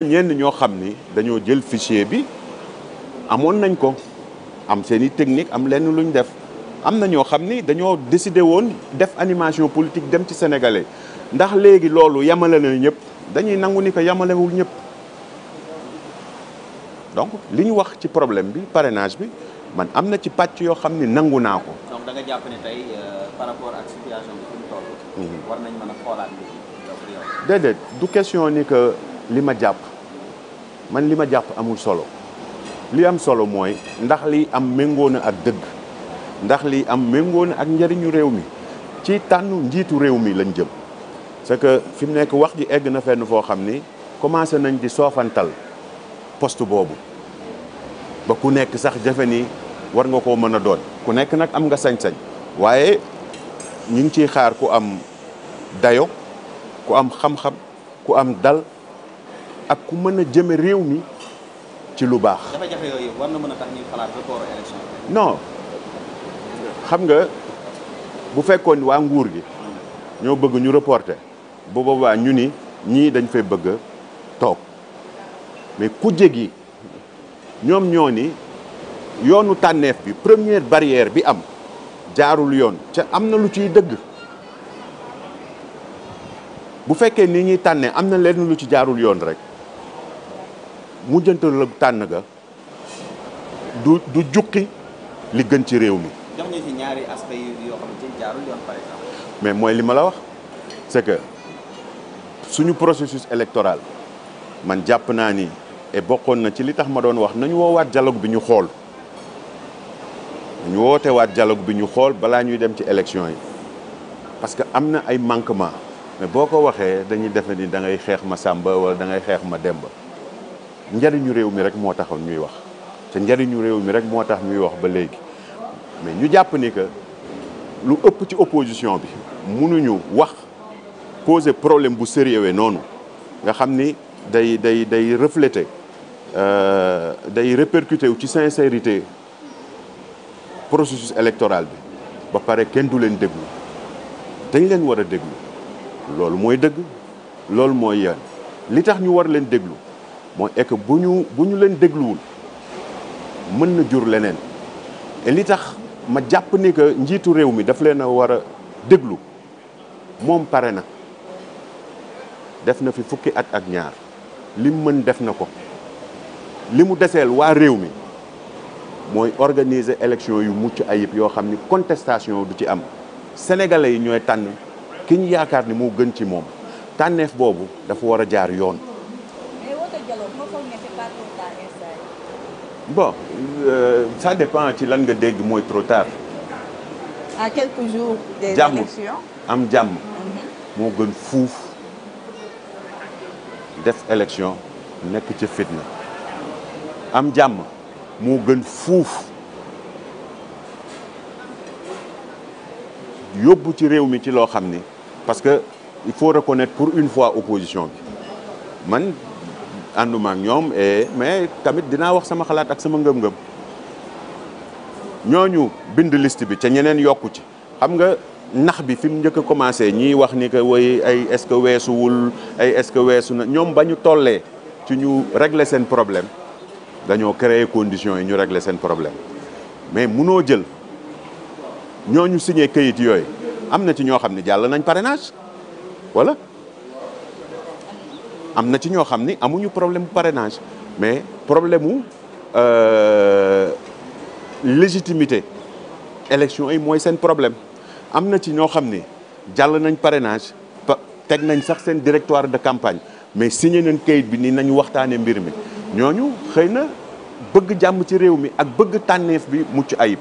ñenn ñoo xam ni dañoo jël fichier bi amoon nañ ko am seen i technique am lenn luñ def am na ñoo xam ni dañoo décidé woon def animation politique dem ci sénégalais ndax léegi loolu yamale na ñëpp dañuy nangu ni yamalewul ñëpp donc li ñu wax ci problème bi parenage bi man am na ci pàcc yoo xam ni nangu naa ko. donc da euh, mhm. du question ni li ma jàpp man li ma jàpp amul solo li am solo mooy ndax li am méngoo ak dëgg ndax li am méngoo na ak njëriñu réew mi ci tànn njiitu réew mi lañ jëm c'est que fi mu nekk wax ji egg na fenn foo xam ni commencé nañ di soofantal poste boobu ba ku nekk sax jafe ni war nga koo mën a doon ku nekk nag am nga sañ-sañ waaye ñu ngi ciy xaar ku am dayo ku am xam-xam ku am dal ak ku mën a jëme réew mi ci lu baax. jafe xam nga bu fekkoon waa nguur gi ñoo bëgg ñu reporter bu boobaa ñu ni ñii dañ fay bëgg toog mais ku gi ñoom ñoo ni yoonu tànneef bi première barrière bi am jaarul yoon ca am na lu ciy dëgg bu fekkee nii ñuy tànnee am na leen lu ci jaarul yoon rek. mujjantal la tànn ga du du jukki li gën ci réew mi. mais mooy li ma la wax c'est suñu processus électoral man jàpp naa ni bokkoon na ci li tax ma doon wax nañu woowaat dialogue bi ñu xool nañu wootewaat dialogue bi ñu xool balaa ñuy dem ci élection yi parce que am na ay manquement mais boo ko waxee dañuy def ni da ngay xeex ma Samba wala da ngay xeex ma Demba. njariñu réew mi rek moo taxoon ñuy wax te njariñu réew mi rek moo tax ñuy wax ba léegi mais ñu jàpp ni que lu ëpp ci opposition bi mënuñu wax poser problème bu sérieux noonu nga xam ni day day day refléter euh, day répercuter wu ci sincérité processus électoral bi ba pare kenn du leen déglu dañ leen war a déglu loolu mooy dëgg loolu mooy yoon li tax ñu war leen déglu mooy est que bu ñu bu ñu leen dégluwul mën na jur leneen et li tax ma jàpp ni que njiitu réew mi daf leen a war a déglu moom pare na def na fi fukki at ak ñaar lim mën def na ko li mu deseel waa réew mi mooy organiser élection yu mucc ayib yoo xam ni contestation du ci am sénégalais yi ñooy tànn kiñ yaakaar ni moo gën ci moom tànneef boobu dafa war a jaar yoon bon euh, ça dépend ci lan nga dégg mooy trop tard. à quelques jours. des élections am jàmm. Mhm. moo gën fuuf def élection nekk ci fitna am jàmm moo gën fuuf yóbbu ci réew mi ci loo xam ni parce que il faut reconnaître pour une fois opposition bi man. ànduma ak ñoom et eh, mais tamit dinaa wax sama xalaat ak sama ngëm-ngëm ñooñu bind liste bi ca ñeneen yokku ci xam nga nax bi fi mu njëkk a commencé ñiy wax ni que woy ay est-ce que weesuwul ay est-ce que weesu na ñoom ba ñu tollee ci ñu régler seen problème dañoo créer conditions yi ñu régler seen problème mais munoo jël ñooñu signé kayit yooyu am na ci ñoo xam ne jàll nañ parrainage wala am na ci ñoo xam ni amuñu problème mu parrainage mais problème mu euh, légitimité élection yi mooy seen problème am na ci ñoo xam ni jàll nañ parrainage teg nañ sax seen directoire de campagne mais signe nañ kayit bi ni nañu waxtaanee mbir mi ñooñu xëy na bëgg jàmm ci réew mi ak bëgg tànneef bi mucc ayib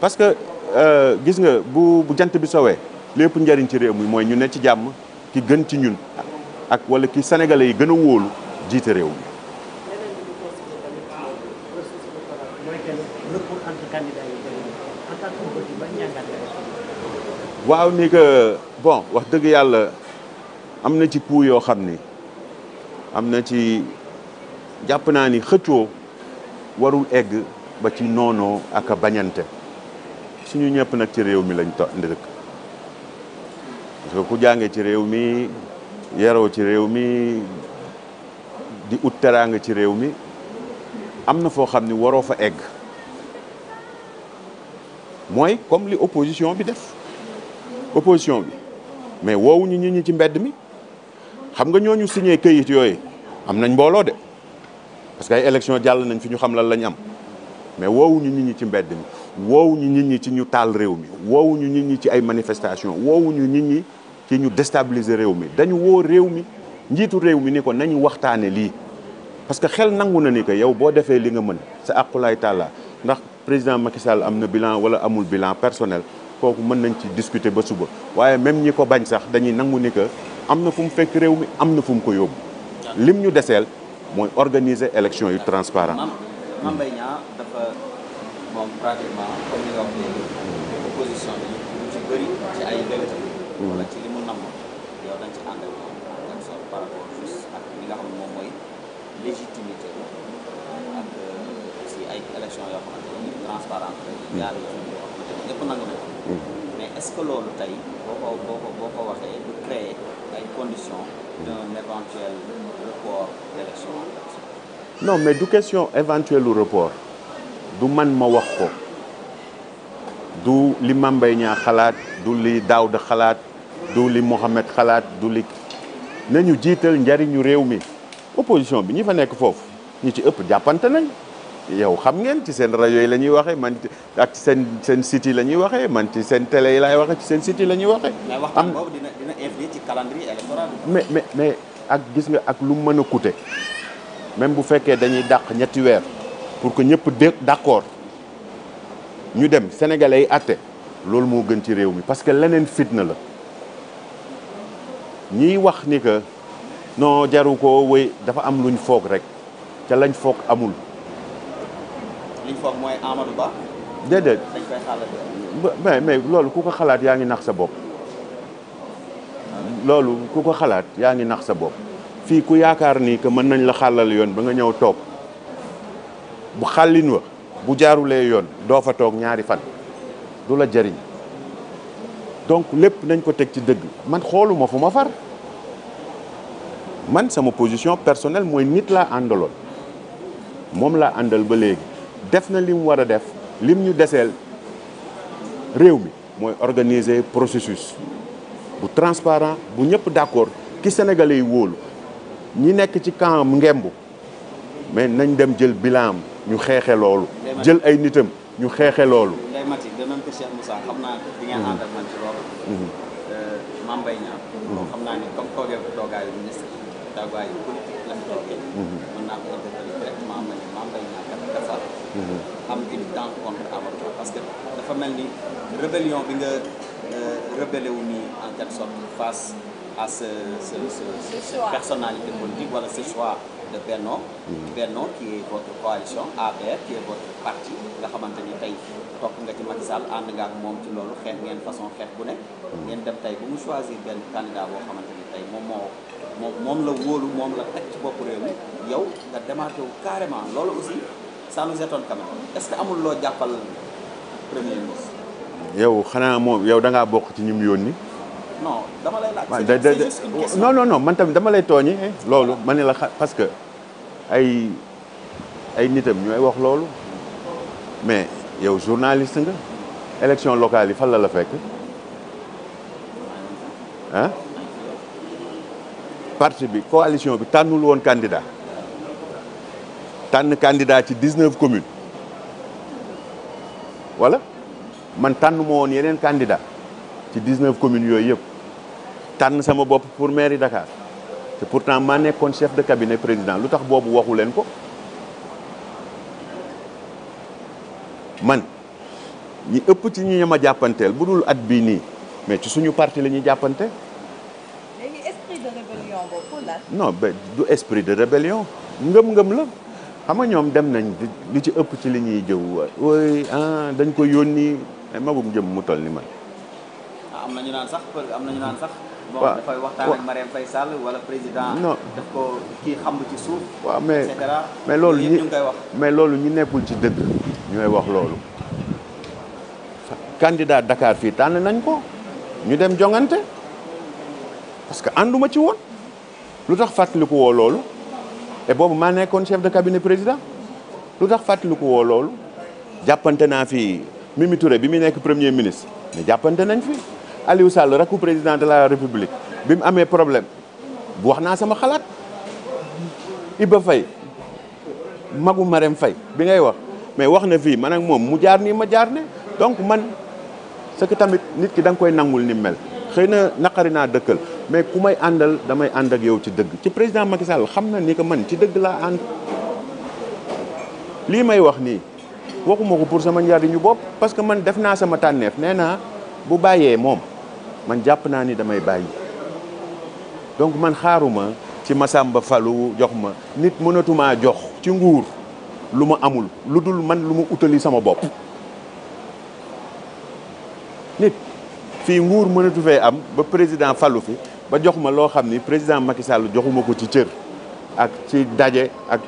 parce que euh, gis nga bu bu jant bi sowee lépp njariñ ci réew mi mooy ñu ne ci jàmm ki gën ci ñun ak wala ki sénégalais yi gën a wóolu jiite réew mi. waaw ni que bon wax dëgg yàlla am na ci coup yoo xam ni am na ci jàpp naa ni xëccoo warul egg ba ci noonoo ak a bañante suñu ñëpp nag ci réew mi lañ to dëkk ku jàngee ci mi yaroo ci réew mi di ut teraanga ci réew mi am na foo xam ni waroo fa egg mooy comme li opposition bi def opposition bi mais woowuñu nit ñi ci mbedd mi xam nga ñooñu signé kayit yooyu am nañ mbooloo de parce que ay élection jàll nañ fi ñu xam lan lañ am mais woowuñu ñu ñi ci mbedd mi woowuñu nit ñi ci ñu taal réew mi woowuñu nit ñi ci ay manifestation woowuñu nit ñi ci ñu déstabiliser réew mi dañu woo réew mi njiitu réew mi ni ko nañu waxtaane lii parce que xel nangu na ni ko yow boo defee li nga mën sa aqulaay tàlla ndax président Macky am na bilan wala amul bilan personnel kooku mën nañ ci discuter ba suba waaye même ñi ko bañ sax dañuy nangu ni que am na fu mu fekk réew mi am na fu mu ko yóbbu lim ñu deseel mooy organiser élection yu transparent par rapport juste ak li nga xam ne moom mooy légitimité euh, ak euh, si ay élection yoo xamante ne transparente jaar mm. yoo xamante ne ñëpp nangu na mm. mais est ce que loolu tey boo ko boo ko boo ko waxee du créer ay conditions mm. d'un éventuel report d'élection non mais du question éventuel ou report du man ma wax ko du li Mame Mbaye Niang xalaat du li Daouda xalaat du li Mohamed xalaat du li ñu jiital njariñu réew mi opposition bi ñu fa nekk foofu ñu ci ëpp jàppante nañ yow xam ngeen ci seen rajo yi la ñuy waxee man ak ci seen seen yi la ñuy waxee man ci seen télé yi laay waxee ci seen site la ñuy waxee. mais waxtaan boobu ak gis nga ak lum mën a coûter même bu fekkee dañuy dàq ñetti weer pour que ñëpp dé d'accord ñu dem sénégalais yi àtte loolu moo gën ci réew mi parce que leneen fitna la. ñiy wax ni que non jaru ko wéy dafa am luñ foog rek te lañ foog amul. liñ foog mooy mais mais loolu ku ko xalaat yaa ngi nax sa bopp. loolu ku ko xalaat yaa ngi nax sa bopp. fii ku yaakaar ni que mën nañ la xàllal yoon ba nga ñëw toog bu xàllin wa bu jaarulee yoon doo fa toog ñaari fan du la jariñ donc lépp nañ ko teg ci dëgg man xooluma fu ma far man sama position personnelle mooy nit laa àndaloon moom laa àndal ba léegi def na lim war a def lim ñu deseel réew mi mooy organiser processus bu transparent bu ñëpp d'accord ki sénégalais yi wóolu ñi nekk ci camp ngemb mais nañ dem jël bilaam ñu xeexe loolu jël ay nitam ñu xeexe loolu ay mat yi de même am Cheikh Moussa xam naa di ngeen mhm. ànd ak man ci loolu mhm. euh, Mame Mbaye Niang moom xam naa ne comme toogee ko la toogee mhm. mën naa ko interpellé directement ma ne Mame am une dent parce que dafa mel ni rébellion bi nga euh, rébellé wu nii en quelque sorte face à ce ce ce wala ce choix de Benno mm-hmm. Benno qui est votre coalition APR qui est votre parti nga xamante ni tey topp nga ci Macky Sall ànd nga ak moom ci loolu xeex ngeen façon xeex bu ne mm-hmm. ngeen dem tey bu mu choisir benn candidat boo xamante ni tey moom moo moom la wóolu moom la teg ci bopp réew mi yow nga démarqué wu carrément loolu aussi ça nous étonne quand même que amul loo jàppal premier ministre yow xanaa moom yow da ngaa bokk ci ñi mu yónni non dama lay laaj. c'est juste tooñi eh, loolu ma ne la parce que. ay ay nitam ñooy wax loolu mais yow journaliste nga élection locale yi fan la la fekk ah parti bi coalition bi tànnul woon candidat tànn candidat ci dix-neuf communes wala man tànn ma woon yeneen candidat ci dix-neuf communes yooyu yëpp tànn sama bopp pour mairie Dakar te pourtant maa nekkoon chef de cabinet président lu tax boobu waxu leen ko man ñi ëpp ci ñi a jàppanteel bu dul at bii nii mais ci suñu parti la ñuy jàppante. léegi esprit de rébellion du esprit de rébellion ngëm-ngëm la xam nga ñoom dem nañ li ci ëpp ci li ñuy jëw ooy ah, dañ ko yónni eh, magum jëm mu toll ni man. Ah, am na ñu naan sax am na ñu naan sax. waaw dafay waxtaan ak Sall wala président. non daf ko kii xam ci suuf. waaw mais mais loolu ñi mais loolu ñi nekkul ci dëgg. ñooy wax loolu. candidat dakaar fii tànn nañ ko. ñu dem jongante parce que ànduma ci woon. lu tax fàttaliku woo loolu. et boobu maa nekkoon chef de cabinet président. lu tax fàttaliku woo loolu. jàppante naa fii Mimi bi mu nekk premier ministre. mais jàppante nañ fi. Aliou Sall rakku président de la République bi mu amee problème bu wax naa sama xalaat Iba Faye magu Marème fay bi ngay wax mais wax na fii man ak moom mu jaar nii ma jaar ne donc man ce que tamit nit ki da koy nangul ni mel xëy na naqari naa dëkkal mais ku may àndal damay ànd ak yow ci dëgg ci président Macky Sall xam na ni que man ci dëgg laa ànd lii may wax nii waxuma ko pour sama njariñu bopp parce que man def naa sama tànneef nee naa bu bàyyee moom man jàpp naa ni damay bàyyi donc man xaaruma ci masam ba falu jox ma nit mënatumaa jox ci nguur lu ma amul lu dul man lu ma utali sama bopp nit fii nguur mënatu fee am ba président falu fi ba jox ma loo xam ni président Macky Sall joxuma ko ci cër ak ci daje ak